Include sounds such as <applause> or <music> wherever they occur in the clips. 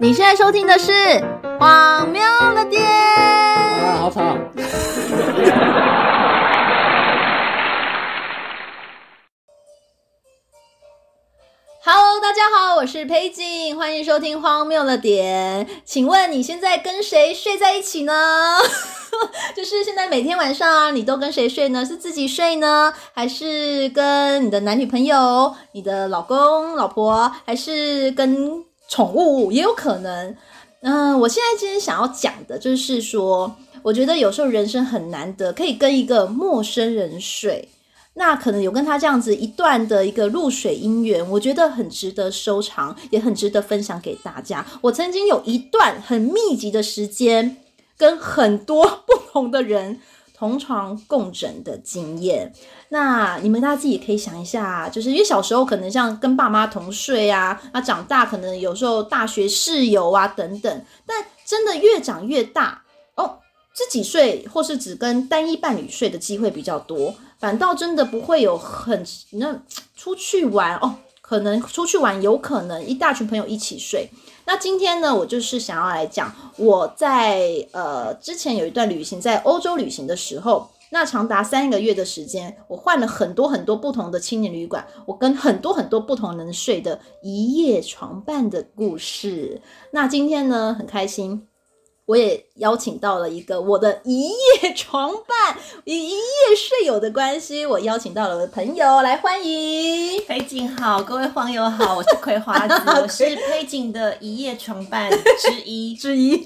你現在收聽的是《荒謬了點》。啊，好吵！哈嘍，大家好，我是佩錦，歡迎收聽《荒謬了點》。請問你現在跟誰睡在一起呢？ <laughs> 就是現在每天晚上你都跟誰睡呢？是自己睡呢，還是跟你的男女朋友、你的老公、老婆，還是跟？寵物也有可能，嗯、呃，我現在今天想要講的就是說，我覺得有時候人生很難得可以跟一個陌生人睡，那可能有跟他這樣子一段的一個露水姻緣，我覺得很值得收藏，也很值得分享給大家。我曾經有一段很密集的時間，跟很多不同的人。同床共枕的經驗，那你們大家自己也可以想一下，就是因為小時候可能像跟爸媽同睡啊，啊長大可能有時候大學室友啊等等，但真的越長越大哦，自己睡或是只跟單一伴侶睡的機會比較多，反倒真的不會有很那出去玩哦。可能出去玩，有可能一大群朋友一起睡。那今天呢，我就是想要來講我在呃之前有一段旅行，在歐洲旅行的時候，那長達三個月的時間，我換了很多很多不同的青年旅館，我跟很多很多不同人睡的一夜床伴的故事。那今天呢，很開心。我也邀請到了一個我的一夜床伴，以一夜睡友的關係，我邀請到了我的朋友來，歡迎。裴景好，各位荒友好，我是葵花子， <laughs> 我是裴景的一夜床伴之一 <laughs> 之一。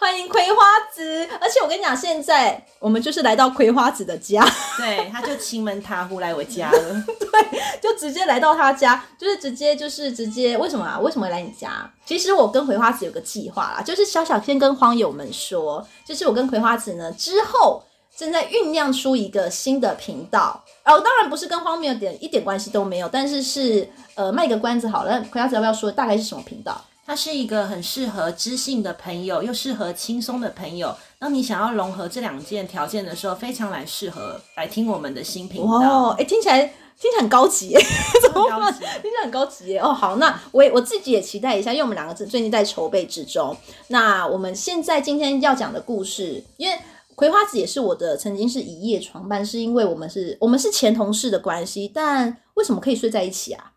歡迎葵花子，而且我跟你講，現在我們就是來到葵花子的家， <laughs> 對，他就欺門踏戶來我家了， <laughs> 對，就直接來到他家，就是直接就是直接，為什麼啊？為什麼會來你家？其實我跟葵花子有個計劃啦，就是小小先跟荒友們說，就是我跟葵花子呢，之後正在醞釀出一個新的頻道。哦，當然不是跟荒謬點一點關係都沒有，但是是呃賣個關子好了。葵花子要不要說大概是什麼頻道？它是一個很適合知性的朋友，又適合輕鬆的朋友。當你想要融合這兩件條件的時候，非常來適合來聽我們的新頻道。哦，哎，聽起來。聽起來很高級耶，怎麼、啊、 <laughs> 聽起來很高級耶？哦，好，那我我自己也期待一下，因為我們兩個字最近在籌備之中。那我們現在今天要講的故事，因為葵花子也是我的曾經是一夜床伴，是因為我們是我們是前同事的關係，但為什麼可以睡在一起啊？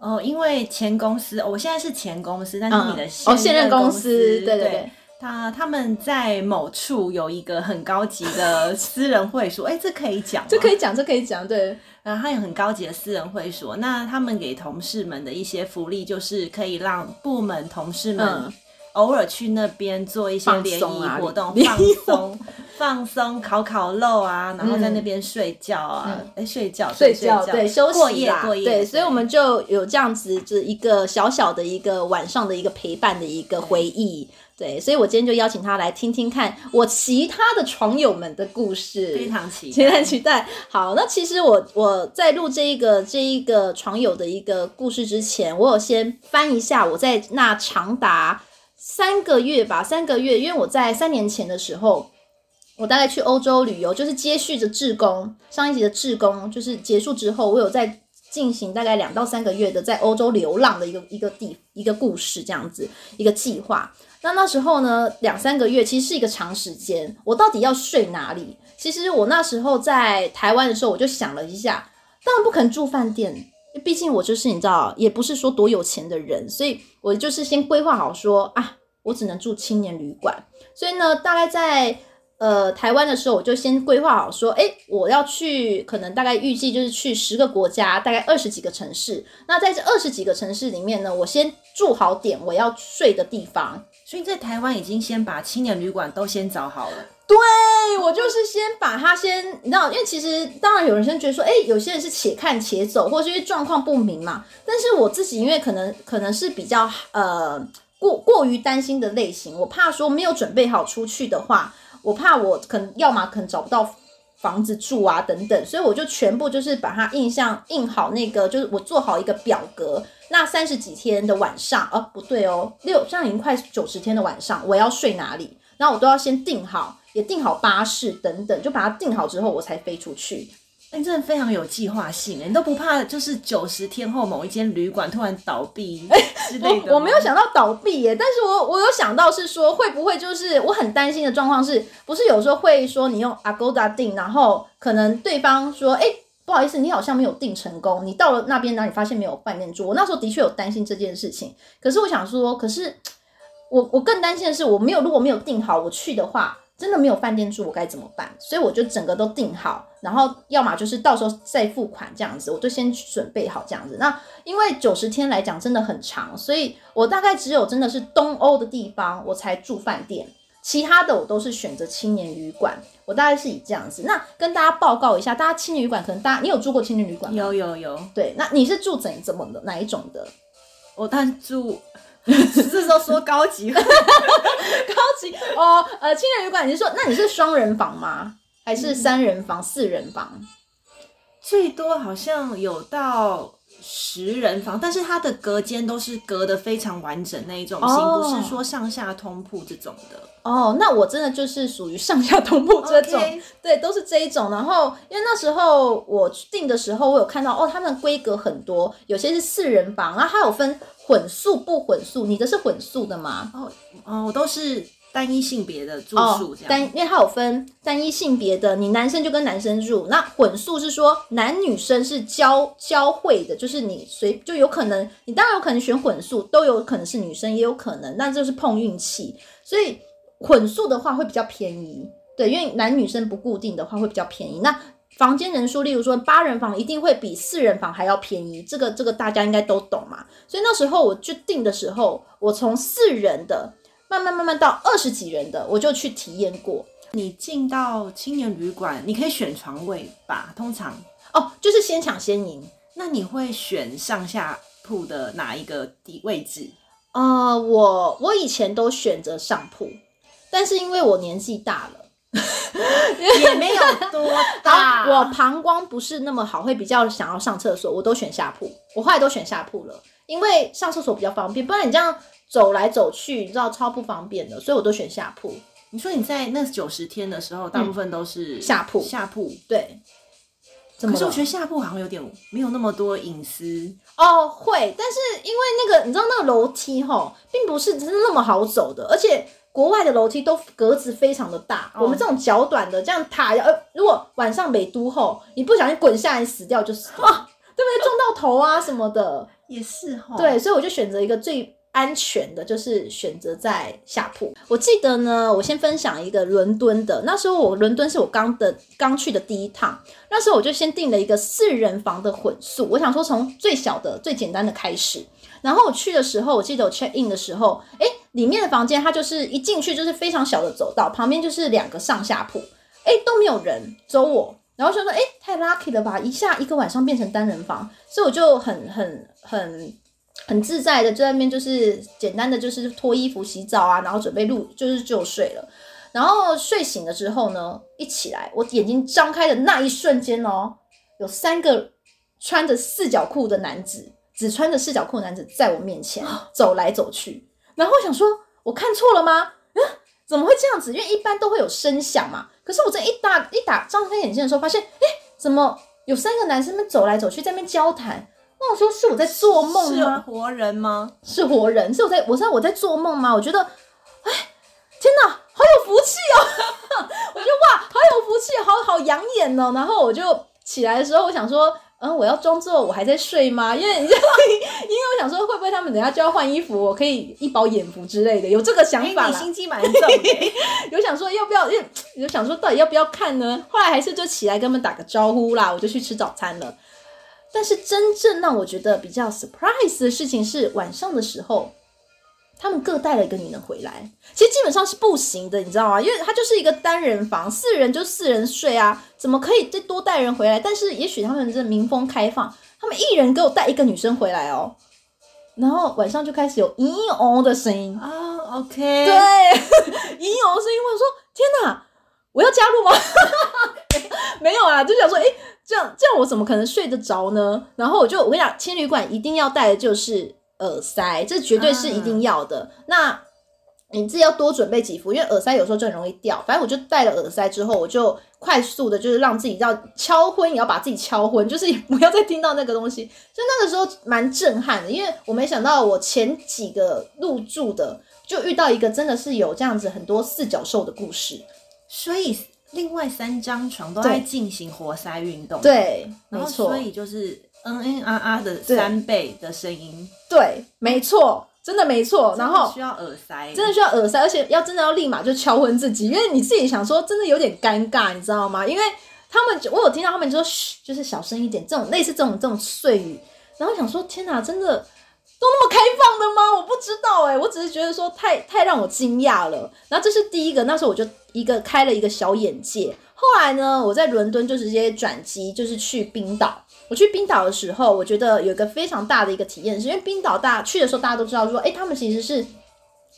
哦，因為前公司，我現在是前公司，但是你的現、嗯、哦現任公司，對對對。對他他們在某處有一個很高級的私人會所，哎， <laughs> 這可以講，這可以講，這可以講，對。啊，然後他有很高級的私人會所，那他們給同事們的一些福利就是可以讓部門同事們偶爾去那邊做一些聯誼活動，嗯、放鬆啊，放鬆放鬆，烤烤肉啊，然後在那邊睡覺啊，哎、嗯，睡覺睡覺，對，休息啊，過夜，對。所以我們就有這樣子，就是一個小小的一個晚上的一個陪伴的一個回憶。對，所以我今天就邀請他來聽聽看我其他的床友們的故事，非常期待，期待。好，那其實我我在錄這一個這一個床友的一個故事之前，我有先翻一下我在那長達三個月吧，三個月，因為我在三年前的時候，我大概去歐洲旅遊，就是接續着志工上一集的志工就是結束之後，我有在進行大概兩到三個月的在歐洲流浪的一個一個地一個故事這樣子一個計劃。那那時候呢，兩三個月其實是一個長時間。我到底要睡哪裡？其實我那時候在台灣的時候，我就想了一下，當然不肯住飯店，畢竟我就是你知道，也不是說多有錢的人，所以我就是先規劃好說啊，我只能住青年旅館。所以呢，大概在呃台灣的時候，我就先規劃好說，哎、欸，我要去，可能大概預計就是去十個國家，大概二十幾個城市。那在這二十幾個城市裡面呢，我先住好點我要睡的地方。所以在台灣已經先把青年旅館都先找好了。對，我就是先把它先，你知道，因為其實當然有人先覺得說，哎、欸，有些人是且看且走，或是因為狀況不明嘛。但是我自己因為可能可能是比較呃過過於擔心的類型，我怕說沒有準備好出去的話，我怕我可能要麼可能找不到房子住啊等等，所以我就全部就是把它印象印好，那個就是我做好一個表格。那三十幾天的晚上，哦、喔，不對哦、喔，六這樣已經快九十天的晚上，我要睡哪裡？那我都要先定好，也定好巴士等等，就把它定好之後，我才飛出去。你、欸，真的非常有計劃性，欸、你都不怕就是九十天後某一間旅館突然倒閉之類的，欸、我我沒有想到倒閉耶，欸，但是我我有想到是說會不會就是我很擔心的狀況，是不是有時候會說你用 Agoda 定，然後可能對方說誒、欸不好意思，你好像沒有訂成功。你到了那邊然後，你發現沒有飯店住？我那時候的確有擔心這件事情，可是我想說，可是我我更擔心的是，我沒有如果沒有訂好我去的話，真的沒有飯店住，我該怎麼辦？所以我就整個都訂好，然後要麼就是到時候再付款這樣子，我就先準備好這樣子。那因為九十天來講真的很長，所以我大概只有真的是東歐的地方我才住飯店。其他的我都是選擇青年旅館，我大概是以這樣子。那跟大家報告一下，大家青年旅館可能大家，你有住過青年旅館嗎？有有有。對，那你是住怎怎麼的哪一種的？我但住只是說說高級， <laughs> <laughs> 高級哦。呃，青年旅館，你就說那你是雙人房嗎？還是三人房、嗯、四人房？最多好像有到。十人房，但是它的隔間都是隔得非常完整那一種型，oh, 不是說上下通鋪這種的。哦、oh，那我真的就是屬於上下通鋪這種，okay. 對，都是這一種。然後，因為那時候我訂的時候，我有看到哦，他們規格很多，有些是四人房，然後還有分混宿不混宿，你的是混宿的嗎？哦，哦，我都是。單一性別的住宿這樣，哦，單，因為它有分單一性別的，你男生就跟男生住。那混宿是說男女生是交交會的，就是你隨就有可能，你當然有可能選混宿，都有可能是女生，也有可能，那就是碰運氣。所以混宿的話會比較便宜，對，因為男女生不固定的話會比較便宜。那房間人數，例如說八人房一定會比四人房還要便宜，這個這個大家應該都懂嘛。所以那時候我決定的時候，我從四人的。慢慢慢慢到二十幾人的，我就去體驗過。你進到青年旅館，你可以選床位吧，通常哦，就是先搶先贏。那你會選上下鋪的哪一個底位置？呃，我我以前都選擇上鋪，但是因為我年紀大了， <laughs> 也沒有多大，我膀胱不是那麼好，會比較想要上廁所，我都選下鋪。我後來都選下鋪了。因為上廁所比較方便，不然你這樣走來走去，你知道超不方便的，所以我都選下鋪。你說你在那九十天的時候，大部分都是下鋪？嗯，下鋪對怎麼。可是我覺得下鋪好像有點沒有那麼多隱私哦。會，但是因為那個你知道那個樓梯齁，並不是真的那麼好走的，而且國外的樓梯都格子非常的大，哦、我們這種腳短的這樣爬，呃，如果晚上每都後你不小心滾下來死掉就是哇、 <laughs> 哦，對不對？撞到頭啊什麼的。也是哈、哦，對，所以我就選擇一個最安全的，就是選擇在下鋪。我記得呢，我先分享一個倫敦的。那時候我倫敦是我剛的剛去的第一趟，那時候我就先訂了一個四人房的混宿。我想說，從最小的、最簡單的開始。然後我去的時候，我記得我 check in 的時候，哎、欸，裡面的房間它就是一進去就是非常小的走道，旁邊就是兩個上下鋪，哎、欸，都沒有人，只有我。然後說說，哎，太 lucky 了吧！一下一個晚上變成單人房，所以我就很很很很自在的在外面，就、就是簡單的就是脫衣服、洗澡啊，然後準備入就是就睡了。然後睡醒了之後呢，一起來，我眼睛張開的那一瞬間哦，有三個穿着四角褲的男子，只穿着四角褲的男子在我面前走來走去，然後想說，我看錯了嗎？嗯。怎麼會這樣子？因為一般都會有聲響嘛。可是我這一打一打，張開眼睛的時候，發現，欸，怎麼有三個男生在走來走去，在那邊交談？那我說是我在做夢嗎？是是活人嗎？是活人，是我在，我在我在做夢嗎？我覺得，哎，天哪，好有福氣喔！ <laughs> 我就哇，好有福氣，好好養眼喔。然後我就起來的時候，我想說。嗯，我要裝作我還在睡嗎？因為因為我想說，會不會他們等下就要換衣服，我可以一飽眼福之類的，有這個想法、欸、你心機滿重的，有 <laughs> 想說要不要，因為有想說到底要不要看呢？後來還是就起來跟他們打個招呼啦，我就去吃早餐了。但是真正讓我覺得比較 surprise 的事情是晚上的時候。他們各帶了一個女人回來，其實基本上是不行的，你知道嗎？因為他就是一個單人房，四人就四人睡啊，怎麼可以再多帶人回來？但是也許他們這民風開放，他們一人給我帶一個女生回來哦、喔，然後晚上就開始有嚶嚶哦的聲音啊、oh,，OK，對，嚶嚶哦的聲音，我說天哪，我要加入嗎？ <laughs> 沒有啊，就想說，誒、欸、這樣這樣我怎麼可能睡得着呢？然後我就我跟你講，青旅館一定要帶的就是。耳塞，這絕對是一定要的。啊、那你自己要多準備幾副，因為耳塞有時候就很容易掉。反正我就戴了耳塞之後，我就快速的，就是讓自己要敲昏，也要把自己敲昏，就是不要再聽到那個東西。就那個時候蠻震撼的，因為我沒想到我前幾個入住的就遇到一個真的是有這樣子很多四腳獸的故事，所以。另外三張床都在進行活塞運動，對，沒錯，所以就是嗯嗯啊啊的三倍的聲音，對，對沒錯，真的沒錯、嗯。然後需要耳塞，真的需要耳塞，而且要真的要立馬就敲昏自己，嗯、因為你自己想說真的有點尷尬，你知道嗎？因為他們，我有聽到他們說噓，就是小聲一點，這種類似這種這種碎語。然後想說天哪、啊，真的都那麼開放的嗎？我不知道哎、欸，我只是覺得說太太讓我驚訝了。然後這是第一個，那時候我就。一個開了一個小眼界。後來呢，我在倫敦就直接轉機，就是去冰島。我去冰島的時候，我覺得有一個非常大的一個體驗，是因為冰島大去的時候，大家都知道說，哎、欸，他們其實是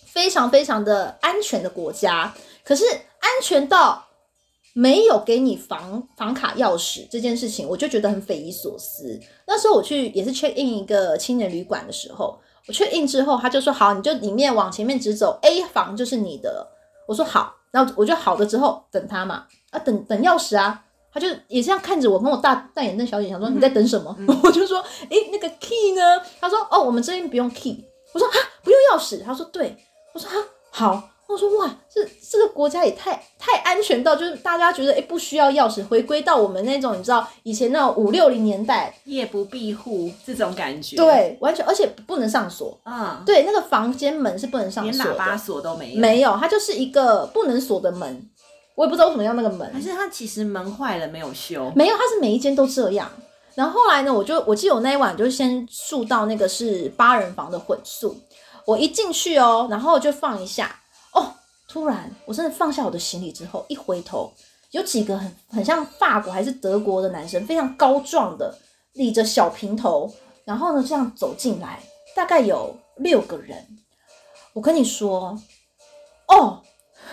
非常非常的安全的國家，可是安全到沒有給你房房卡鑰匙這件事情，我就覺得很匪夷所思。那時候我去也是 check in 一個青年旅館的時候，我 check in 之後他就說，好，你就裡面往前面直走，A 房就是你的。我說好。然後我就好了之後等他嘛啊等等鑰匙啊，他就也是這樣看着我，跟我大大眼瞪小眼，想說、嗯、你在等什麼？嗯、我就說誒、欸，那個 key 呢？他說哦，我們這邊不用 key。我說啊，不用鑰匙？他說對。我說啊，好。我說哇，這這個國家也太太安全到，就是大家覺得誒不需要鑰匙，回歸到我們那種你知道以前那種五六零年代夜不閉戶這種感覺。對，完全，而且不能上鎖啊、嗯。對，那個房間門是不能上鎖的，連喇叭鎖都沒有。沒有，它就是一個不能鎖的門。我也不知道為什麼要那個門，還是它其實門壞了沒有修？沒有，它是每一間都這樣。然後後來呢，我就我記得我那一晚就先住到那個是八人房的混宿，我一進去哦，然後就放一下。突然，我真的放下我的行李之後，一回頭，有幾個很很像法國還是德國的男生，非常高壯的，理着小平頭，然後呢，這樣走進來，大概有六個人。我跟你說，哦，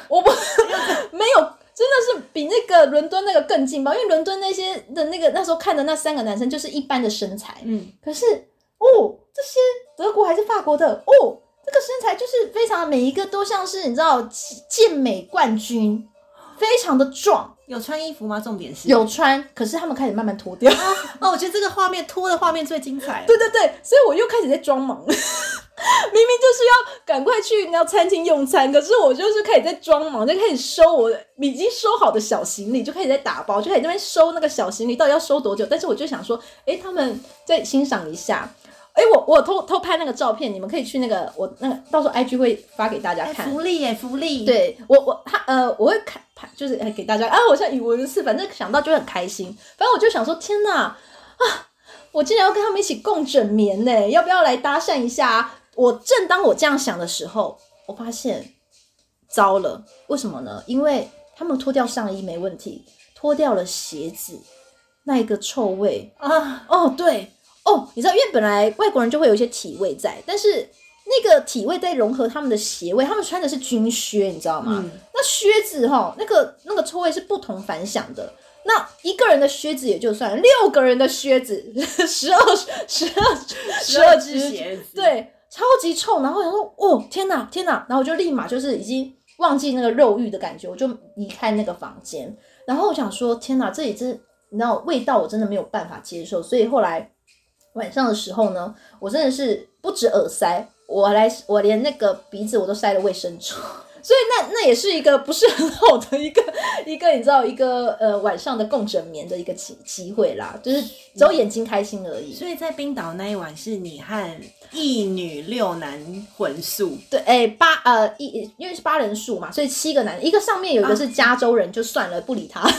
我不 <laughs> 沒有，真的是比那個倫敦那個更近吧？因為倫敦那些的那個那時候看的那三個男生就是一般的身材，嗯，可是哦，這些德國還是法國的哦。這、那個身材就是非常，每一個都像是你知道健美冠軍，非常的壯。有穿衣服嗎？重點是有穿，可是他們開始慢慢脫掉。哦， <laughs> 我覺得這個畫面脫的畫面最精彩。對對對，所以我又開始在裝忙了， <laughs> 明明就是要趕快去要餐廳用餐，可是我就是開始在裝忙，就開始收我已經收好的小行李，就開始在打包，就在那邊收那個小行李，到底要收多久？但是我就想說，哎、欸，他們再欣賞一下。誒、欸，我我偷偷拍那個照片，你們可以去那個我那個到時候 IG 會發給大家看。欸、福利耶，福利！對我我他呃我會看拍就是給大家啊，我像語無倫次，反正想到就很開心。反正我就想說，天哪啊，我竟然要跟他們一起共枕眠呢？要不要來搭訕一下、啊？我正當我這樣想的時候，我發現糟了，為什麼呢？因為他們脫掉上衣沒問題，脫掉了鞋子那一個臭味啊！哦對。哦，你知道，因為本來外國人就會有一些體味在，但是那個體味在融合他們的鞋味，他們穿的是軍靴，你知道嗎？嗯、那靴子哈，那個那個臭味是不同凡響的。那一個人的靴子也就算了，六個人的靴子，十二十二十二隻 <laughs> 鞋子，對，超級臭。然後想說，哦，天哪，天哪！然後我就立馬就是已經忘記那個肉欲的感覺，我就離開那個房間。然後我想說，天哪，這一只，你知道味道我真的沒有辦法接受，所以後來。晚上的時候呢，我真的是不止耳塞，我來，我連那個鼻子我都塞了衛生紙，所以那那也是一個不是很好的一個一個你知道一個呃晚上的共枕眠的一個機機會啦，就是只有眼睛開心而已。嗯、所以在冰島那一晚是你和一女六男混宿，對，哎、欸、八，呃，一，因為是八人宿嘛，所以七個男，一個上面有一個是加州人，啊、就算了，不理他。 <laughs>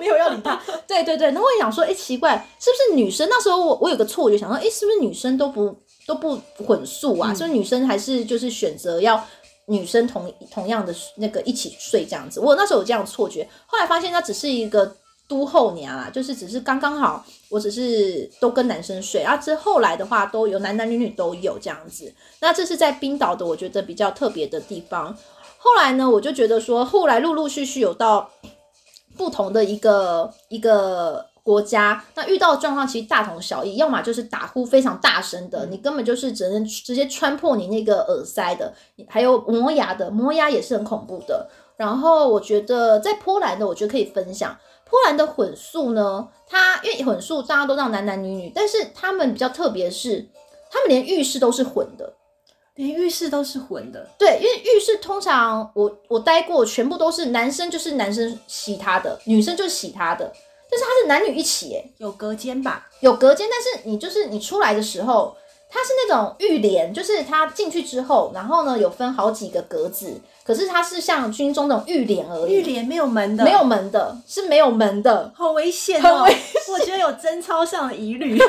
<laughs> 沒有要理他，對對對，那我想說，哎、欸，奇怪，是不是女生？那時候我我有個錯覺，想說，哎、欸，是不是女生都不都不混宿啊？所、嗯、以女生還是就是選擇要女生同同樣的那個一起睡這樣子。我那時候有這樣錯覺，後來發現她只是一個都後娘啊，就是只是剛剛好，我只是都跟男生睡啊。這後來的話都有男男女女都有這樣子。那這是在冰島的，我覺得比較特別的地方。後來呢，我就覺得說，後來陸陸續續有到。不同的一個一個國家，那遇到的狀況其實大同小異，要麼就是打呼非常大聲的，你根本就是只能直接穿破你那個耳塞的，還有磨牙的，磨牙也是很恐怖的。然後我覺得在波蘭的，我覺得可以分享，波蘭的混宿呢，它因為混宿大家都讓男男女女，但是他們比較特別是他們連浴室都是混的。連浴室都是混的，對，因為浴室通常我我待過，全部都是男生，就是男生洗他的，女生就是洗他的，但是他是男女一起，欸，有隔間吧？有隔間，但是你就是你出來的時候。它是那種浴簾，就是它進去之後，然後呢，有分好幾個格子，可是它是像軍中那種浴簾而已。浴簾沒有門的，沒有門的，是沒有門的，好危險哦、喔！ <laughs> 我覺得有貞操上的疑慮。 <laughs>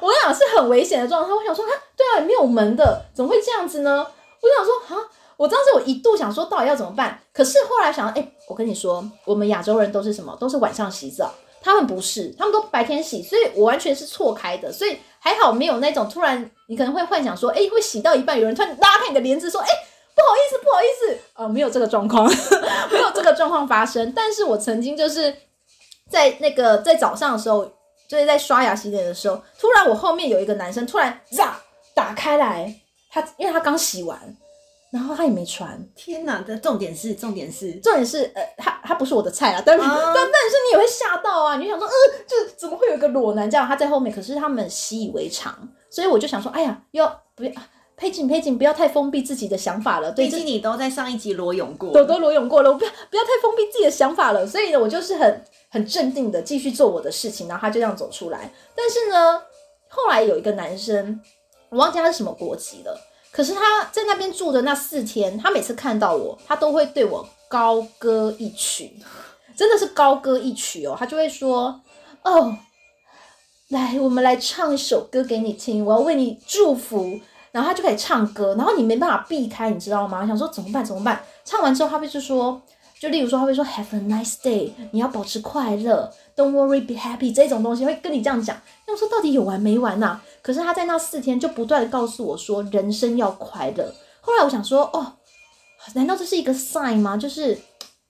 我跟你講是很危險的狀態。我想說，啊對啊，沒有門的，怎麼會這樣子呢？我想說，啊，我當時我一度想說，到底要怎麼辦？可是後來想說，哎、欸，我跟你說，我們亞洲人都是什麼？都是晚上洗澡。他們不是，他們都白天洗，所以我完全是錯開的，所以還好沒有那種突然你可能會幻想說，哎、欸，會洗到一半有人突然拉開你的簾子說，哎、欸，不好意思，不好意思，呃，沒有這個狀況， <laughs> 沒有這個狀況發生。 <laughs> 但是我曾經就是在那個在早上的時候，就是在刷牙洗臉的的時候，突然我後面有一個男生突然呀，打開來，他因為他剛洗完。然後他也沒穿，天哪！的重點是重點是重點是，呃，他他不是我的菜啊，但但、uh... 但是你也會嚇到啊！你就想說，呃，這怎麼會有個裸男這樣？他在後面，可是他們習以為常，所以我就想說，哎呀，要不要配景配景,景，不要太封閉自己的想法了。畢竟你都在上一集裸泳過，我都裸泳過了，我不要不要太封閉自己的想法了。所以呢，我就是很很鎮定地繼續做我的事情，然後他就這樣走出來。但是呢，後來有一個男生，我忘記他是什麼國籍了。可是他在那邊住的那四天，他每次看到我，他都會對我高歌一曲，真的是高歌一曲哦，他就會說：“哦，來，我們來唱一首歌給你聽，我要為你祝福。”然後他就可以唱歌，然後你沒辦法避開，你知道嗎？想說怎麼辦？怎麼辦？唱完之後，他就是說。就例如說，他會說 “Have a nice day”，你要保持快樂，“Don't worry, be happy” 這種東西會跟你這樣講。那說到底有完沒完吶、啊？可是他在那四天就不斷的告訴我說，人生要快樂。後來我想說，哦，難道這是一個 sign 嗎？就是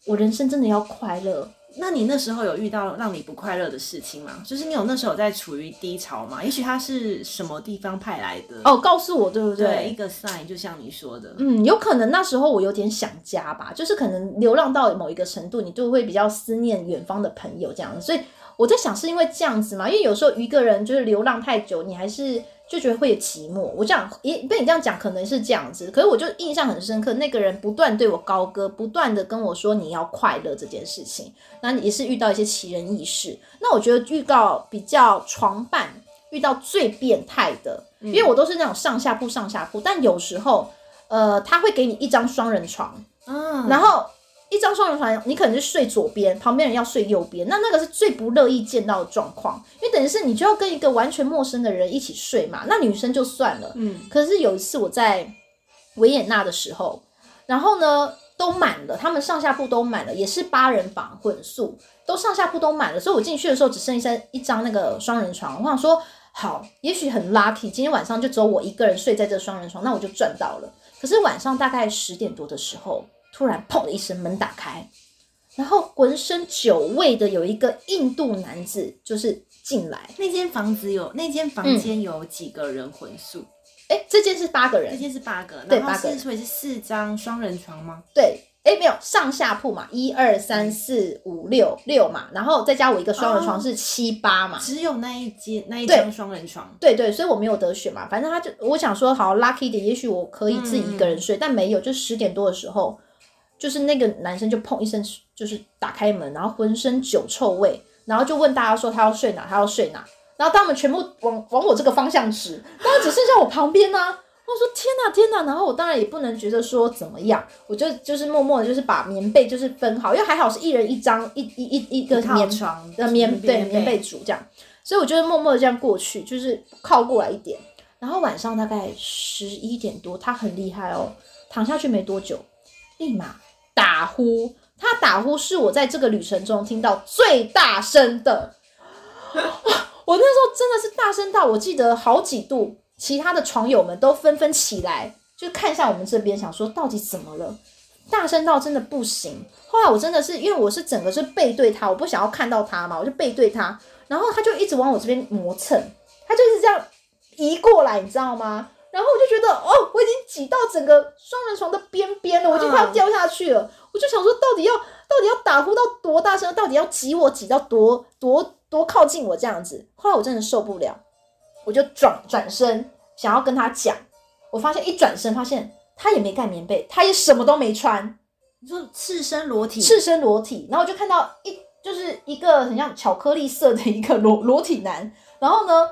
我人生真的要快樂。那你那時候有遇到讓你不快樂的事情嗎？就是你有那時候在處於低潮嗎？也許他是什麼地方派來的？哦，告訴我，對不對？對，一個 sign，就像你說的，嗯，有可能那時候我有點想家吧，就是可能流浪到某一個程度，你就會比較思念遠方的朋友這樣。所以我在想，是因為這樣子嗎？因為有時候一個人就是流浪太久，你還是。就覺得會有寂寞，我這樣，也被你這樣講，可能是這樣子。可是我就印象很深刻，那個人不斷對我高歌，不斷的跟我說你要快樂這件事情。那也是遇到一些奇人異事。那我覺得遇到比較床伴，遇到最變態的，因為我都是那種上下鋪上下鋪，嗯、但有時候，呃，他會給你一張雙人床，嗯，然後。一張雙人床，你可能是睡左邊，旁邊人要睡右邊，那那個是最不樂意見到的狀況，因為等於是你就要跟一個完全陌生的人一起睡嘛。那女生就算了，嗯。可是有一次我在維也納的時候，然後呢都滿了，他們上下鋪都滿了，也是八人房混宿，都上下鋪都滿了，所以我進去的時候只剩下一張那個雙人床，我想說好，也許很 lucky，今天晚上就只有我一個人睡在這雙人床，那我就賺到了。可是晚上大概十點多的時候。突然砰的一聲，門打開，然後渾身酒味的有一個印度男子就是進來。那間房子有，那間房間有幾個人混宿？哎、嗯，欸，這間是八個人，這間是八個。對，八個人。所以是四張雙人床嗎？對。哎、欸，沒有上下鋪嘛，一二三四五六六嘛，然後再加我一個雙人床是七八、哦、嘛。只有那一間那一張雙人床。對對，對對，所以我沒有得選嘛，反正他就，我想說好 lucky 的，也許我可以自己一個人睡，嗯、但沒有，就十點多的時候。就是那個男生就砰一聲，就是打開門，然後渾身酒臭味，然後就問大家說他要睡哪，他要睡哪。然後他們全部往往我這個方向指，但是只剩下我旁邊啊。我說天哪、啊，天哪、啊！然後我當然也不能覺得說怎麼樣，我就就是默默的，就是把棉被就是分好，因為還好是一人一張，一一一一個棉床的棉，棉被，棉被組這樣。所以我就默默的這樣過去，就是靠過來一點。然後晚上大概十一點多，他很厲害哦，躺下去沒多久，立馬。打呼，他打呼是我在這個旅程中聽到最大聲的。哦，我那時候真的是大聲到，我記得好幾度，其他的床友們都紛紛起來，就看一下我們這邊，想說到底怎麼了。大聲到真的不行。後來我真的是因為我是整個是背對他，我不想要看到他嘛，我就背對他，然後他就一直往我這邊磨蹭，他就是這樣移過來，你知道嗎？然後我就覺得哦，我已經擠到整個雙人床的邊邊了，我就快要掉下去了。Uh, 我就想說，到底要到底要打呼到多大聲？到底要擠我擠到多多多靠近我這樣子？後來我真的受不了，我就轉轉身想要跟他講。我發現一轉身，發現他也沒蓋棉被，他也什麼都沒穿，你說赤身裸體，赤身裸體。然後我就看到一就是一個很像巧克力色的一個裸裸體男。然後呢，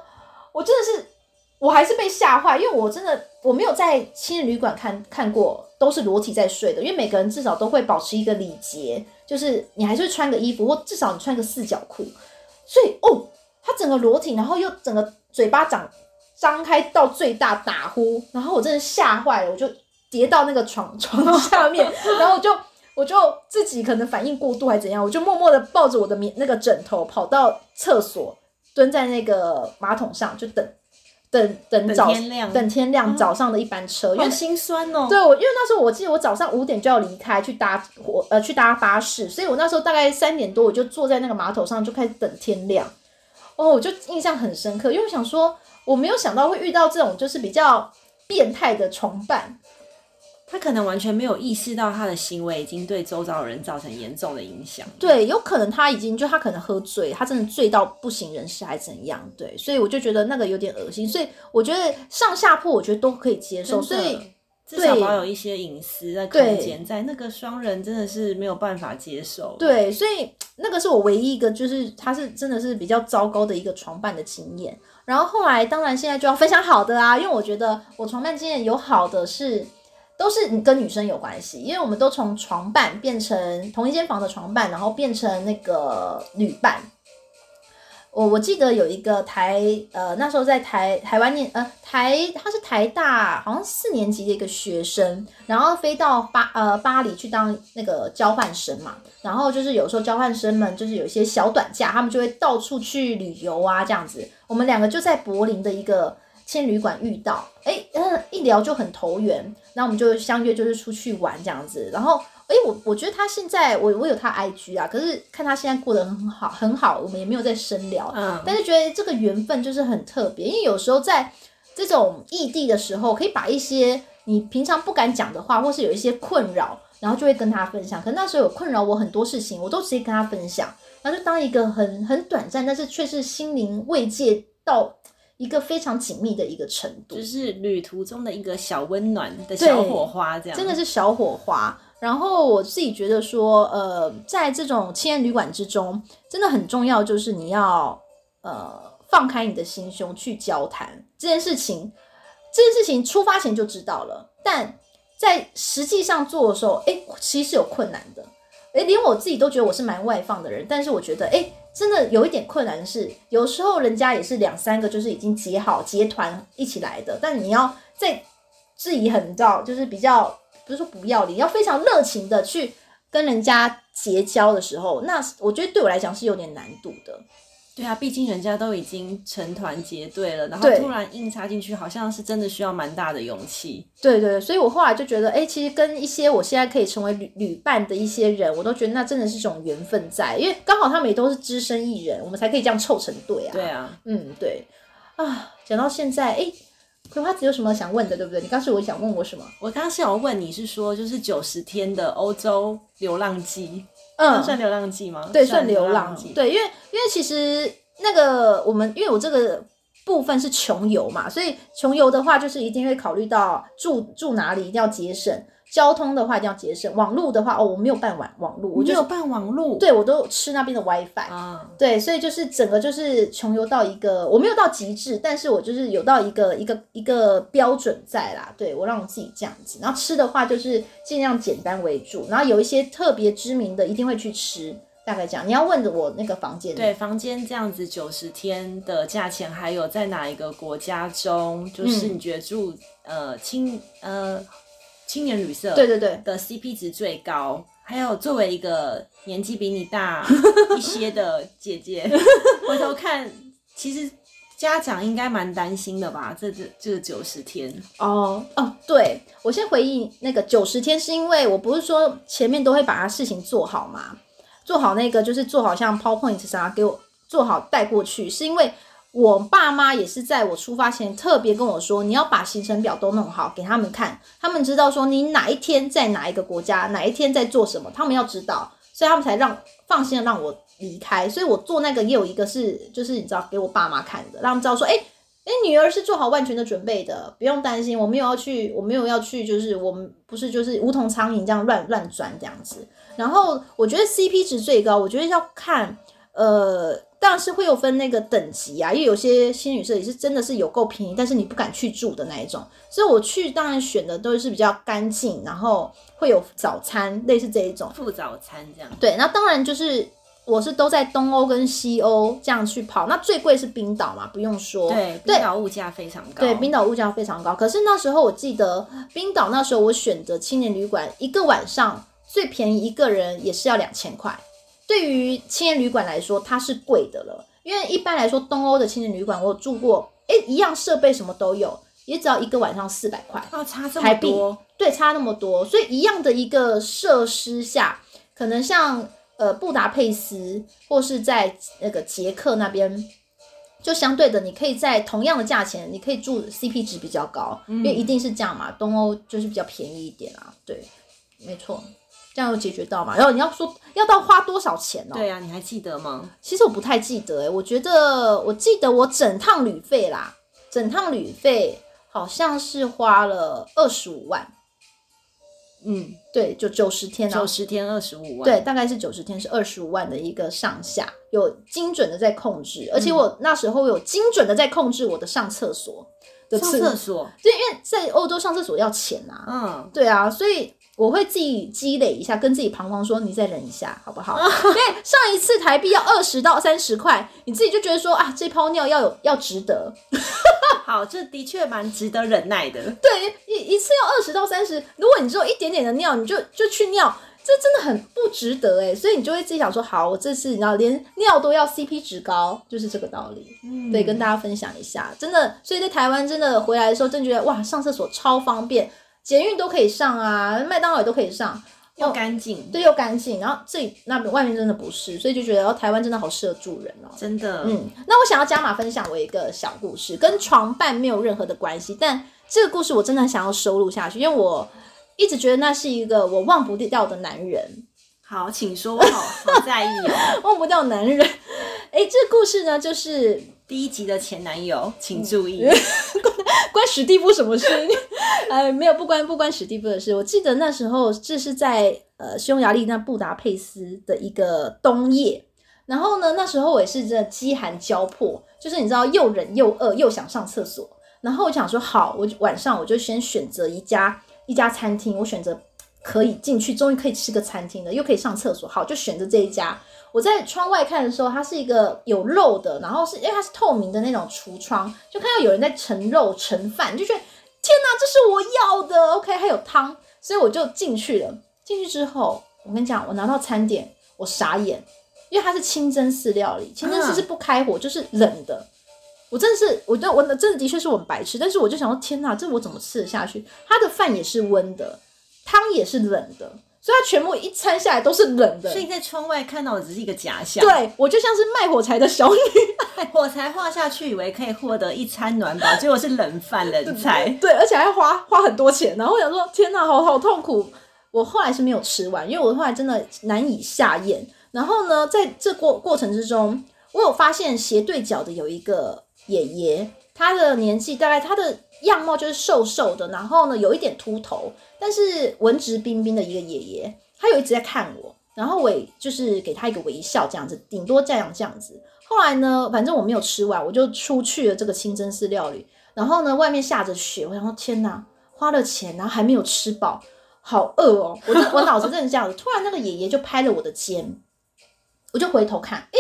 我真的是。我還是被嚇壞，因為我真的我沒有在青年旅館看看過，都是裸體在睡的。因為每個人至少都會保持一個禮節，就是你還是會穿個衣服，或至少你穿個四角褲。所以哦，他整個裸體，然後又整個嘴巴張張開到最大打呼，然後我真的嚇壞了，我就跌到那個床床下面， <laughs> 然後我就我就自己可能反應過度還怎樣，我就默默的抱着我的棉那個枕頭跑到廁所，蹲在那個馬桶上就等。等等早等天，等天亮早上的一班車，啊、因為心酸哦。對，我因為那時候我記得我早上五點就要離開去搭火呃去搭巴士，所以我那時候大概三點多我就坐在那個碼頭上就開始等天亮。哦，我就印象很深刻，因為我想說我沒有想到會遇到這種就是比較變態的床伴。他可能完全沒有意識到他的行為已經對周遭的人造成嚴重的影響。對，有可能他已經就他可能喝醉，他真的醉到不省人事還怎樣？對，所以我就覺得那個有點噁心。所以我覺得上下鋪我覺得都可以接受，對，所以至少保有一些隱私的空間。在那個雙人真的是沒有辦法接受。對，所以那個是我唯一一個就是他是真的是比較糟糕的一個床伴的經驗。然後後來當然現在就要分享好的啊，因為我覺得我床伴經驗有好的是。都是跟女生有關係，因為我們都從床伴變成同一間房的床伴，然後變成那個女伴。我我記得有一個台呃，那時候在台台灣念呃台，他是台大好像四年級的一個學生，然後飛到巴呃巴黎去當那個交換生嘛。然後就是有時候交換生們就是有一些小短假，他們就會到處去旅遊啊這樣子。我們兩個就在柏林的一個。簽旅館遇到，哎、欸，嗯，一聊就很投緣，那我們就相約就是出去玩這樣子。然後，哎、欸，我我覺得他現在我我有他 I G 啊，可是看他現在過得很好很好，我們也沒有再深聊，嗯。但是覺得這個緣分就是很特別，因為有時候在這種異地的時候，可以把一些你平常不敢講的話，或是有一些困擾，然後就會跟他分享。可能那時候有困擾我很多事情，我都直接跟他分享，然後就當一個很很短暫，但是卻是心靈慰藉到一個非常緊密的一個程度，就是旅途中的一個小溫暖的小火花，這樣真的是小火花。然後我自己覺得說，呃，在這種青年旅館之中，真的很重要，就是你要呃放開你的心胸去交談這件事情。這件事情出發前就知道了，但在實際上做的時候，哎，其實有困難的。哎，連我自己都覺得我是蠻外放的人，但是我覺得，哎。真的有一點困難是，是有時候人家也是兩三個，就是已經結好結團一起來的，但你要在質疑很到，就是比較不是說不要臉，要非常熱情的去跟人家結交的時候，那我覺得對我來講是有點難度的。對啊，畢竟人家都已經成團結隊了，然後突然硬插進去，好像是真的需要蠻大的勇氣。對對，所以我後來就覺得，誒，其實跟一些我現在可以成為旅旅伴的一些人，我都覺得那真的是一種緣分在，因為剛好他們也都是只身一人，我們才可以這樣湊成隊啊。對啊，嗯，對啊，講到現在，誒，葵花子有什麼想問的，對不對？你剛才有我想問我什麼？我剛剛是想問你是說，就是九十天的歐洲流浪記。嗯，算流浪記嗎？對、嗯，算流浪記。對，因為因為其實那個我們因為我這個部分是窮遊嘛，所以窮遊的話就是一定會考慮到住住哪裡一定要節省。交通的話一定要節省，網路的話哦，我沒有辦網網路，我、就是、沒有辦網路，對，我都吃那邊的 WiFi，、嗯、對，所以就是整個就是窮遊到一個我沒有到極致，但是我就是有到一個一個一個標準在啦，對我讓我自己這樣子，然後吃的話就是儘量簡單為主，然後有一些特別知名的一定會去吃，大概這樣。你要問的我那個房間，對房間這樣子九十天的價錢，還有在哪一個國家中，就是你覺得住呃清、嗯、呃。清呃青年旅社，對對對的 CP 值最高對對對，還有作為一個年紀比你大 <laughs> 一些的姐姐，回頭看，其實家長應該蠻擔心的吧？這這這九十天哦哦，對我先回憶那個九十天，是因為我不是說前面都會把他事情做好嘛，做好那個就是做好像 PowerPoint 啥、啊、給我做好帶過去，是因為。我爸媽也是在我出發前特別跟我說，你要把行程表都弄好給他們看，他們知道說你哪一天在哪一個國家，哪一天在做什麼，他們要知道，所以他們才讓放心的讓我離開。所以我做那個也有一個是，是就是你知道給我爸媽看的，讓他們知道說，誒、欸、誒、欸、女兒是做好萬全的準備的，不用擔心，我沒有要去，我沒有要去，就是我們不是就是無頭蒼蠅這樣亂亂轉這樣子。然後我覺得 CP 值最高，我覺得要看呃。但是會有分那個等級啊，因為有些青旅社也是真的是有夠便宜，但是你不敢去住的那一種。所以我去當然選的都是比較乾淨，然後會有早餐，類似這一種。附早餐這樣。對，那當然就是我是都在東歐跟西歐這樣去跑。那最貴是冰島嘛，不用說。對，冰島物價非常高。對，對冰島物價非常高。可是那時候我記得冰島那時候我選擇青年旅館，一個晚上最便宜一個人也是要兩千塊。對於青年旅館來說，它是貴的了，因為一般來說，東歐的青年旅館我有住過誒，一樣設備什麼都有，也只要一個晚上四百塊，啊、哦，差這麼多，對，差那麼多，所以一樣的一個設施下，可能像呃布達佩斯或是在那個捷克那邊，就相對的，你可以在同樣的價錢，你可以住 CP 值比較高。嗯，因為一定是這樣嘛，東歐就是比較便宜一點啊，對，沒錯。這樣有解決到嗎？然後你要說要到花多少錢呢、喔？對啊，你還記得嗎？其實我不太記得誒、欸，我覺得我記得我整趟旅費啦，整趟旅費好像是花了二十五萬。嗯，對，就九十天、喔，九十天二十五萬，對，大概是九十天是二十五萬的一個上下，有精準的在控制，而且我那時候有精準的在控制我的上廁所、嗯、上廁所。對，因為在歐洲上廁所要錢啊。嗯，對啊，所以。我會自己積累一下，跟自己膀胱說：“你再忍一下，好不好？” <laughs> 因為上一次台幣要二十到三十塊，你自己就覺得說：“啊，這泡尿要有要值得。 <laughs> ”好，這的確蠻值得忍耐的。對，一一次要二十到三十，如果你只有一點點的尿，你就就去尿，這真的很不值得誒、欸、所以你就會自己想說：“好，我這次你知道，連尿都要 CP 值高，就是這個道理。嗯”對，跟大家分享一下，真的。所以在台灣真的回來的時候，真覺得哇，上廁所超方便。捷運都可以上啊，麥當勞也都可以上，又乾淨，對，又乾淨。然後這裡、那邊、外面真的不是，所以就覺得，哦，台灣真的好適合住人哦，真的。嗯，那我想要加碼分享我一個小故事，跟床伴沒有任何的關係，但這個故事我真的很想要收錄下去，因為我一直覺得那是一個我忘不掉的男人。好，請說，我好好在意哦， <laughs> 忘不掉男人。哎、欸，這個故事呢，就是第一集的前男友，請注意。嗯 <laughs> <laughs> 關史蒂夫什麼事？ <laughs> 哎，沒有，不關不關史蒂夫的事。我記得那時候，這是在呃匈牙利那布達佩斯的一個冬夜。然後呢，那時候我也是真的飢寒交迫，就是你知道又冷又餓又想上廁所。然後我想說，好，我晚上我就先選擇一家一家餐廳，我選擇。可以進去，終於可以吃個餐廳了，又可以上廁所。好，就選擇這一家。我在窗外看的時候，它是一個有肉的，然後是因為它是透明的那種櫥窗，就看到有人在盛肉、盛飯，就覺得天哪、啊，這是我要的。OK，還有湯，所以我就進去了。進去之後，我跟你講，我拿到餐點，我傻眼，因為它是清真寺料理，清真寺是不開火，就是冷的。嗯、我真的是，我對我真的我真的的確是我很白癡，但是我就想說，天哪、啊，這我怎麼吃得下去？它的飯也是溫的。湯也是冷的，所以它全部一餐下來都是冷的。所以你在窗外看到的只是一個假象。對，我就像是賣火柴的小女孩，火柴劃下去以為可以獲得一餐暖飽，結果是冷飯冷菜。對。對，而且還花花很多錢，然後我想說天哪、啊，好好痛苦。我後來是沒有吃完，因為我後來真的難以下嚥。然後呢，在這過過程之中，我有發現斜對角的有一個爺爺，他的年紀大概他的。樣貌就是瘦瘦的，然後呢，有一點禿頭，但是文質彬彬的一個爺爺，他有一直在看我，然後我也就是給他一個微笑這樣子，頂多這樣這樣子。後來呢，反正我沒有吃完，我就出去了這個清真寺料理。然後呢，外面下着雪，我想說天哪，花了錢，然後還沒有吃飽，好餓哦、喔！我就我腦子真的這樣子， <laughs> 突然那個爺爺就拍了我的肩，我就回頭看，誒、欸，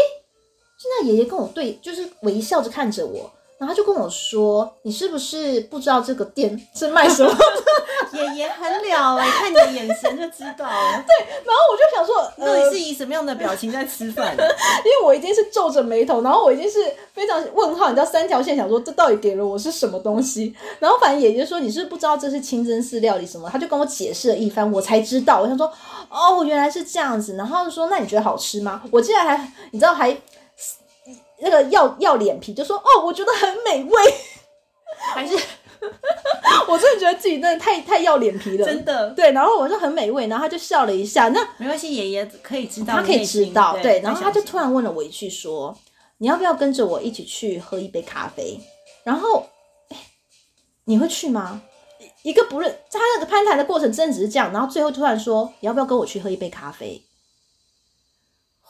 現在爺爺跟我對，就是微笑着看着我。然後他就跟我說：“你是不是不知道這個店是賣什麼的？”爺爺很了、欸，哎，看你的眼神就知道了。 <laughs> 對，然後我就想說，那你是以什麼樣的表情在吃飯、呃？因為我已經是皺着眉頭，然後我已經是非常問號，你知道，三條線，想說這到底給了我是什麼東西？然後反正爺爺說你是不，是不知道這是清真寺料理什麼，他就跟我解釋了一番，我才知道。我想說，哦，原來是這樣子。然後就說，那你覺得好吃嗎？我竟然還，你知道還。那個要要臉皮，就說哦，我覺得很美味，還是 <laughs> 我真的覺得自己真的太太要臉皮了，真的對。然後我就很美味，然後他就笑了一下。那沒關係，爺爺可以知道，他可以知道對。對，然後他就突然問了我一句說，說你要不要跟着我一起去喝一杯咖啡？然後、欸、你會去嗎？一個不是他那個攀談的過程，真的只是這樣，然後最後突然說你要不要跟我去喝一杯咖啡？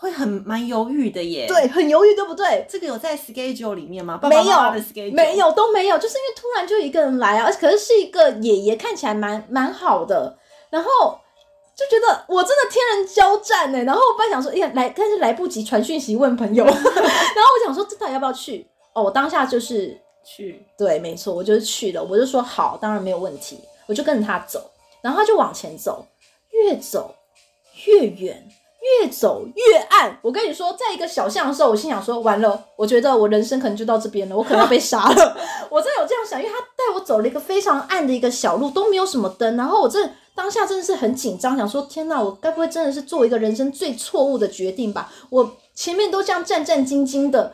會很蠻猶豫的耶，對，很猶豫，對不對？這個有在 schedule 裡面嗎？爸爸媽媽的 schedule？沒有，沒有都沒有，就是因為突然就一個人來啊，可是是一個爺爺，看起來蠻蠻好的，然後就覺得我真的天人交戰呢。然後我爸想說，哎、欸、呀來，但是來不及傳訊息問朋友， <laughs> 然後我想說，真的要不要去？哦，我當下就是去，對，沒錯，我就是去了，我就說好，當然沒有問題，我就跟着他走，然後他就往前走，越走越遠。越走越暗，我跟你說，在一個小巷的時候，我心想說，完了，我覺得我人生可能就到這邊了，我可能要被殺了。 <laughs> 我真有這樣想，因為他帶我走了一個非常暗的一個小路，都沒有什麼燈。然後我這當下真的是很緊張，想說，天哪，我該不會真的是做一個人生最錯誤的決定吧？我前面都這樣戰戰兢兢的，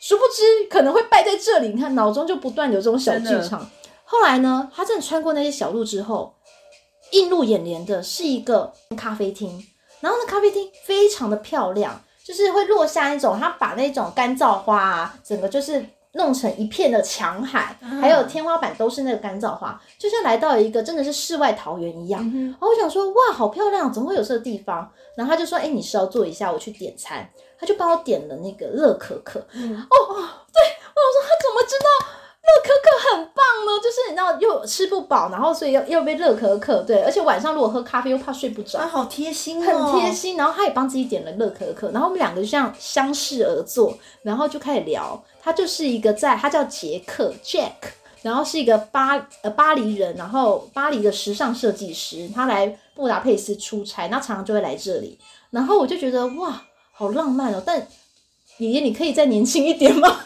殊不知可能會敗在這裡。你看，腦中就不斷有這種小劇場。後來呢，他正穿過那些小路之後，映入眼簾的是一個咖啡廳。然後那咖啡廳非常的漂亮，就是會落下那種，他把那種乾燥花啊，整個就是弄成一片的牆海，還有天花板都是那個乾燥花，就像來到一個真的是世外桃源一樣。然、嗯、後我想說，哇，好漂亮，怎麼會有這個地方？然後他就說，哎，你是要坐一下，我去點餐，他就幫我點了那個熱可可。嗯、哦，對，我想說他怎麼知道？樂可可很棒哦，就是你知道又吃不飽，然後所以要要杯樂可可，對，而且晚上如果喝咖啡又怕睡不着，啊、哎，好貼心哦、喔，很貼心。然後他也幫自己點了樂可可，然後我們兩個就這樣相視而坐，然後就開始聊。他就是一個在，他叫杰克 Jack，然後是一個巴呃巴黎人，然後巴黎的時尚設計師，他來布達佩斯出差，那常常就會來這裡。然後我就覺得哇，好浪漫哦、喔。但爺爺，爺爺你可以再年輕一點嗎？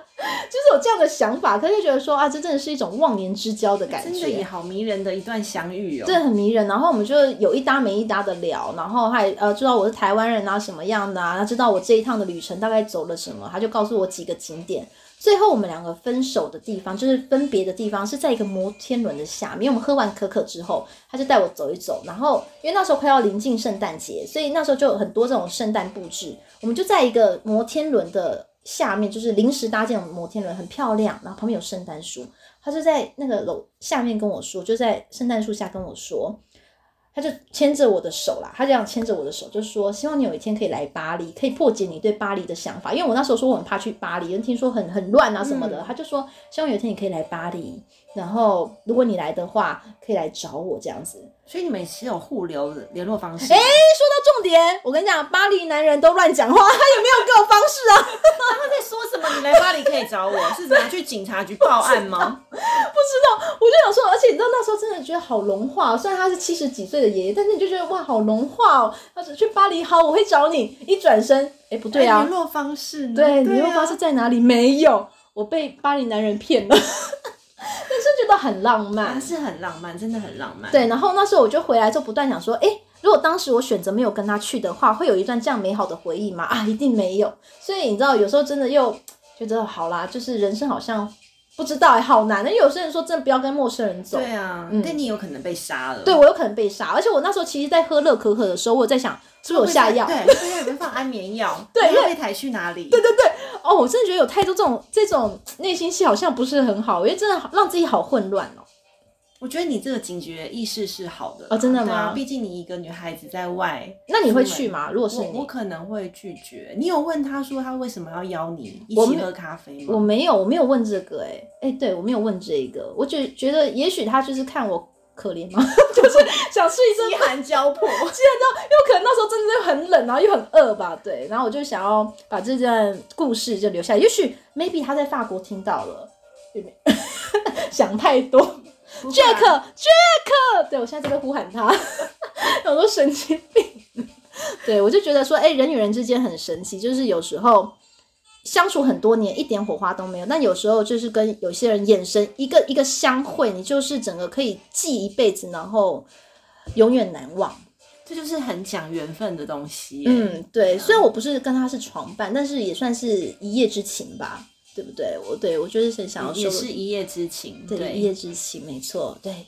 <laughs> <laughs> 就是有這樣的想法，他就覺得說啊，這真的是一種忘年之交的感覺，真的也好迷人的一段相遇哦。對，很迷人。然後我們就有一搭沒一搭的聊，然後還呃知道我是台灣人啊什麼樣的啊，他知道我這一趟的旅程大概走了什麼，他就告訴我幾個景點。最後我們兩個分手的地方，就是分別的地方是在一個摩天輪的下面。因為我們喝完可可之後，他就帶我走一走。然後因為那時候快要臨近聖誕節，所以那時候就有很多這種聖誕佈置。我們就在一個摩天輪的。下面就是臨時搭建摩天輪，很漂亮。然後旁邊有聖誕樹，他就在那個樓下面跟我說，就在聖誕樹下跟我說，他就牽着我的手啦，他這樣牽着我的手，就說，希望你有一天可以來巴黎，可以破解你對巴黎的想法。因為我那時候說我很怕去巴黎，人聽說很很亂啊什麼的。嗯、他就說，希望有一天你可以來巴黎，然後如果你來的話，可以來找我這樣子。所以你們是有互留的聯絡方式？哎、欸，說到重點，我跟你講，巴黎男人都亂講話，他有沒有各種方式啊？ <laughs> <laughs> 來巴黎可以找我，是拿去警察局報案嗎？ <laughs> 不？不知道，我就想說，而且你知道那時候真的覺得好融化。雖然他是七十幾歲的爺爺，但是你就覺得哇，好融化哦。他說去巴黎，好，我會找你。一轉身，哎、欸，不對啊，聯、哎、絡方式呢，對，聯絡方式在哪裡？沒有，我被巴黎男人騙了。 <laughs> 但是覺得很浪漫、啊，是很浪漫，真的很浪漫。對，然後那時候我就回來就不斷想說，哎，如果當時我選擇沒有跟他去的話，會有一段這樣美好的回憶嗎？啊，一定沒有。所以你知道，有時候真的又。就覺得好啦，就是人生好像不知道哎、欸，好難的。有些人說真的不要跟陌生人走，對啊，嗯、但你有可能被殺了。對，我有可能被殺，而且我那時候其實，在喝熱可可的時候，我有在想是不是有下藥，對，是不是裡面放安眠藥？對，要被抬去哪裡？對對對。哦，我真的覺得有太多這種這種內心戲，好像不是很好，因為真的讓自己好混亂哦、喔。我覺得你這個警覺意識是好的哦，真的嗎？畢、啊、竟你一個女孩子在外，那你會去嗎？如果是你我，我可能會拒絕。你有問他說他為什麼要邀你一起喝咖啡嗎？我，沒我沒有，我沒有問這個、欸。哎、欸、哎，對，我沒有問這個。我覺覺得也許他就是看我可憐嗎 <laughs> 就是想睡一陣飢寒交迫。 <laughs> 然我然這樣，又可能那時候真的很冷，然後又很餓吧？對，然後我就想要把這段故事就留下來。也許 maybe 他在法國聽到了， <laughs> <laughs> 想太多。傑克、啊，傑克，對我現在正在呼喊他，我 <laughs> 說神經病。 <laughs> 對，我就覺得說，哎、欸，人與人之間很神奇，就是有時候相處很多年一點火花都沒有，但有時候就是跟有些人眼神一個一個相會、哦，你就是整個可以記一輩子，然後永遠難忘。這就是很講緣分的東西。嗯，對，嗯、雖然我不是跟他是床伴，但是也算是一夜之情吧。對不對？我對我就是很想要說，嗯、也是一夜之情對，對，一夜之情，沒錯，對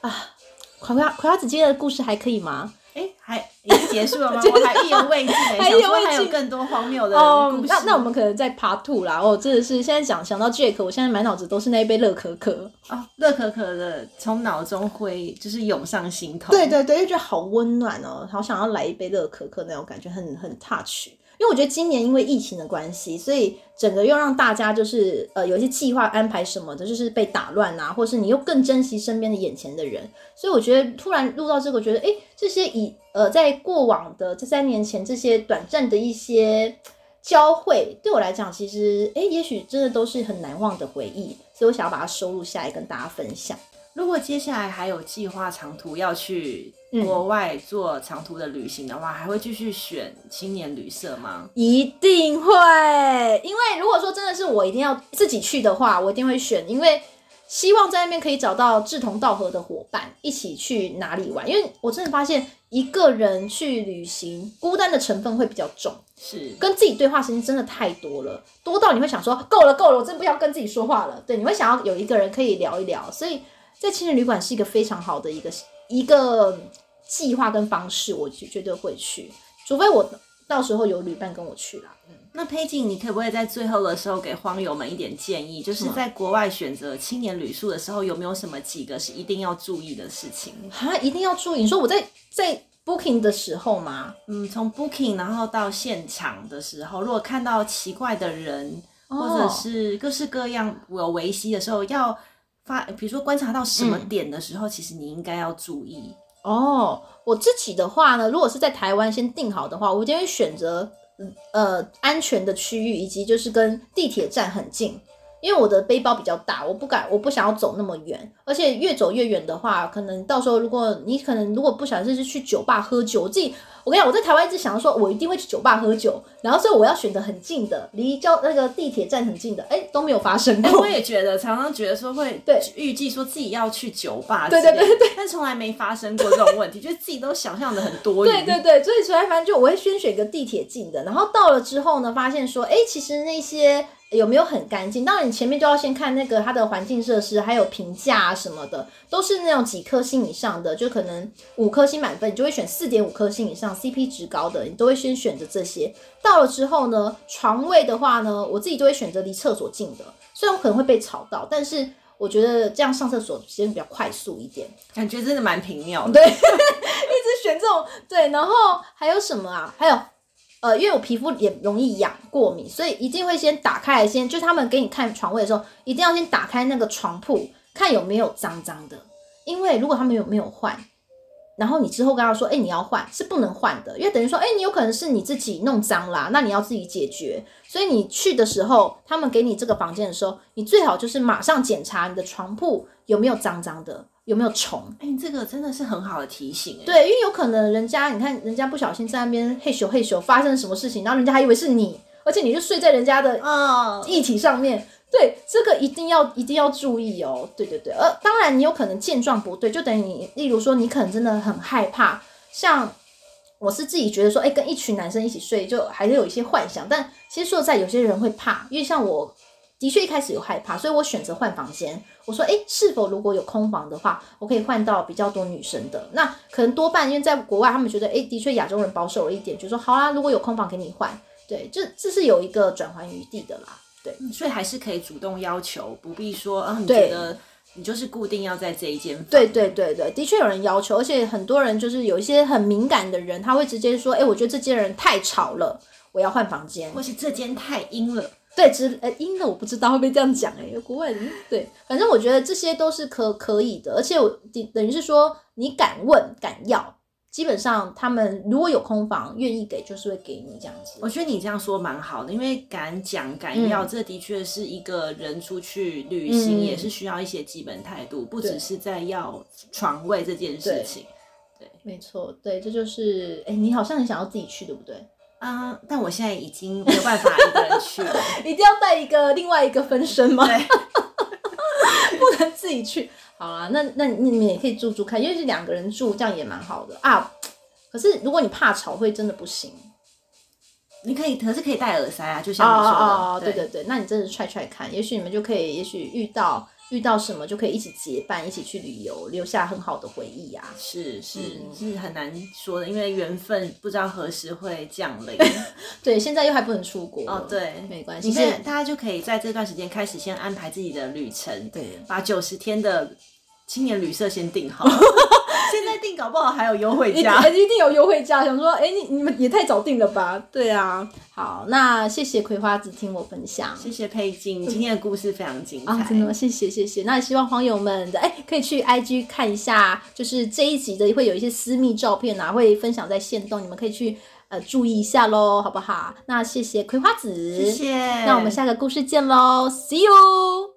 啊。葵花葵花子，今天的故事還可以嗎？哎，還已經結束了嗎？ <laughs> 我還意猶未盡，還沒想說還有更多荒謬的，的故事。哦、那那我們可能在 part two 啦。哦，真的是現在講想，想到傑克，我現在滿腦子都是那一杯樂可可啊、哦，樂可可的從腦中會就是湧上心頭。對對對，就覺得好溫暖哦，好想要來一杯樂可可那種感覺，很很 touch。因為我覺得今年因為疫情的關係，所以整個又讓大家就是呃有一些計劃安排什麼的，就是被打亂啊，或是你又更珍惜身邊的眼前的人，所以我覺得突然錄到這個，我覺得哎，這些以呃在過往的這三年前這些短暫的一些交匯，對我來講，其實哎，也許真的都是很難忘的回憶，所以我想要把它收錄下來跟大家分享。如果接下來還有計劃長途要去國外做長途的旅行的話，嗯，還會繼續選青年旅社嗎？一定會，因為如果說真的是我一定要自己去的話，我一定會選，因為希望在那邊可以找到志同道合的夥伴一起去哪裡玩。因為我真的發現一個人去旅行，孤單的成分會比較重，是跟自己對話時間真的太多了，多到你會想說夠了夠了，我真不要跟自己說話了。對，你會想要有一個人可以聊一聊，所以。在青年旅館是一個非常好的一個一個計劃跟方式，我絕對會去，除非我到時候有旅伴跟我去啦。嗯，那佩錦，你可不可以在最後的時候給荒友們一點建議，就是在國外選擇青年旅宿的時候，有沒有什麼幾個是一定要注意的事情啊？一定要注意，你說我在在 booking 的時候嘛，嗯，從 booking 然後到現場的時候，如果看到奇怪的人或者是各式各樣有維繫的時候，哦、要。發，比如說觀察到什麼點的時候，嗯、其實你應該要注意哦。我自己的話呢，如果是在台灣先定好的話，我就會選擇呃，安全的區域，以及就是跟地鐵站很近。因為我的背包比較大，我不敢，我不想要走那麼遠，而且越走越遠的話，可能到時候，如果你可能如果不小心是去酒吧喝酒，我自己我跟你講，我在台灣一直想要說，我一定會去酒吧喝酒，然後所以我要選擇很近的，離交那個地鐵站很近的，誒、欸、都沒有發生過、欸。我也覺得，常常覺得說會預計說自己要去酒吧，對對對對，但從來沒發生過這種問題， <laughs> 就是自己都想象的很多餘。對對對，所以出來反正就我會先選，選一個地鐵近的，然後到了之後呢，發現說，哎、欸，其實那些。有沒有很乾淨？當然，你前面就要先看那個它的環境設施，還有評價啊什麼的，都是那種幾顆星以上的，就可能五顆星滿分，你就會選四點五顆星以上，CP 值高的，你都會先選擇這些。到了之後呢，床位的話呢，我自己就會選擇離廁所近的，雖然我可能會被吵到，但是我覺得這樣上廁所時間比較快速一點，感覺真的蠻平妙。對， <laughs> 一直選這種對，然後還有什麼啊？還有。呃，因為我皮膚也容易癢過敏，所以一定會先打開來先，先就他們給你看床位的時候，一定要先打開那個床鋪，看有沒有髒髒的。因為如果他們有沒有換，然後你之後跟他說，欸，你要換，是不能換的，因為等於說，欸，你有可能是你自己弄髒啦，那你要自己解決。所以你去的時候，他們給你這個房間的時候，你最好就是馬上檢查你的床鋪有沒有髒髒的。有沒有蟲？哎、欸，這個真的是很好的提醒、欸。對，因為有可能人家，你看人家不小心在那邊嘿咻嘿咻發生了什麼事情，然後人家還以為是你，而且你就睡在人家的啊液體上面、嗯。對，這個一定要一定要注意哦、喔。對對對，而當然你有可能見狀不對，就等於你，例如說你可能真的很害怕。像我是自己覺得說，哎、欸，跟一群男生一起睡就還是有一些幻想，但其實說實在有些人會怕，因為像我。的確一開始有害怕，所以我選擇換房間。我說，哎、欸，是否如果有空房的話，我可以換到比較多女生的？那可能多半因為在國外，他們覺得，哎、欸，的確亞洲人保守了一點，就說好啊，如果有空房給你換，對，這這是有一個轉圜餘地的啦，對、嗯，所以還是可以主動要求，不必說，嗯、啊，你覺得你就是固定要在這一間？對對對對，的確有人要求，而且很多人就是有一些很敏感的人，他會直接說，哎、欸，我覺得這間人太吵了，我要換房間，或是這間太陰了。對，只呃，英、欸、文我不知道會不會這樣講，欸，哎，有國外人。對，反正我覺得這些都是可可以的，而且我等等於是說，你敢問敢要，基本上他們如果有空房願意給，就是會給你這樣子。我覺得你這樣說蠻好的，因為敢講敢要，這的確是一個人出去旅行、嗯、也是需要一些基本態度，不只是在要床位這件事情。對，對對沒錯，對，這就是，哎、欸，你好像很想要自己去，對不對？啊、嗯！但我現在已經沒有辦法一個人去了， <laughs> 一定要帶一個另外一個分身嗎？ <laughs> 不能自己去。好啦、啊，那那你們也可以住住看，因為是兩個人住，這樣也蠻好的啊。可是如果你怕吵，會真的不行。你可以，可是可以戴耳塞啊，就像你說的。哦哦哦哦對，對對對，那你真的踹踹看，也許你們就可以，也許遇到。遇到什麼就可以一起結伴一起去旅遊，留下很好的回憶啊！是是是，很難說的，因為緣分不知道何時會降臨。 <laughs> 對，現在又還不能出國哦，對，沒關係，你現在大家就可以在這段時間開始先安排自己的旅程，對，把九十天的。青年旅社先訂好， <laughs> 現在訂搞不好還有優惠價、 <laughs> 欸，一定有優惠價。想說，哎、欸，你你們也太早訂了吧？對啊，好，那謝謝葵花子聽我分享，謝謝佩靜，今天的故事非常精彩，嗯哦、真的嗎，謝謝謝謝。那希望朋友們，哎、欸，可以去 IG 看一下，就是這一集的會有一些私密照片啊，會分享在限動，你們可以去呃注意一下嘍，好不好？那謝謝葵花子，謝謝，那我們下個故事見嘍，See you。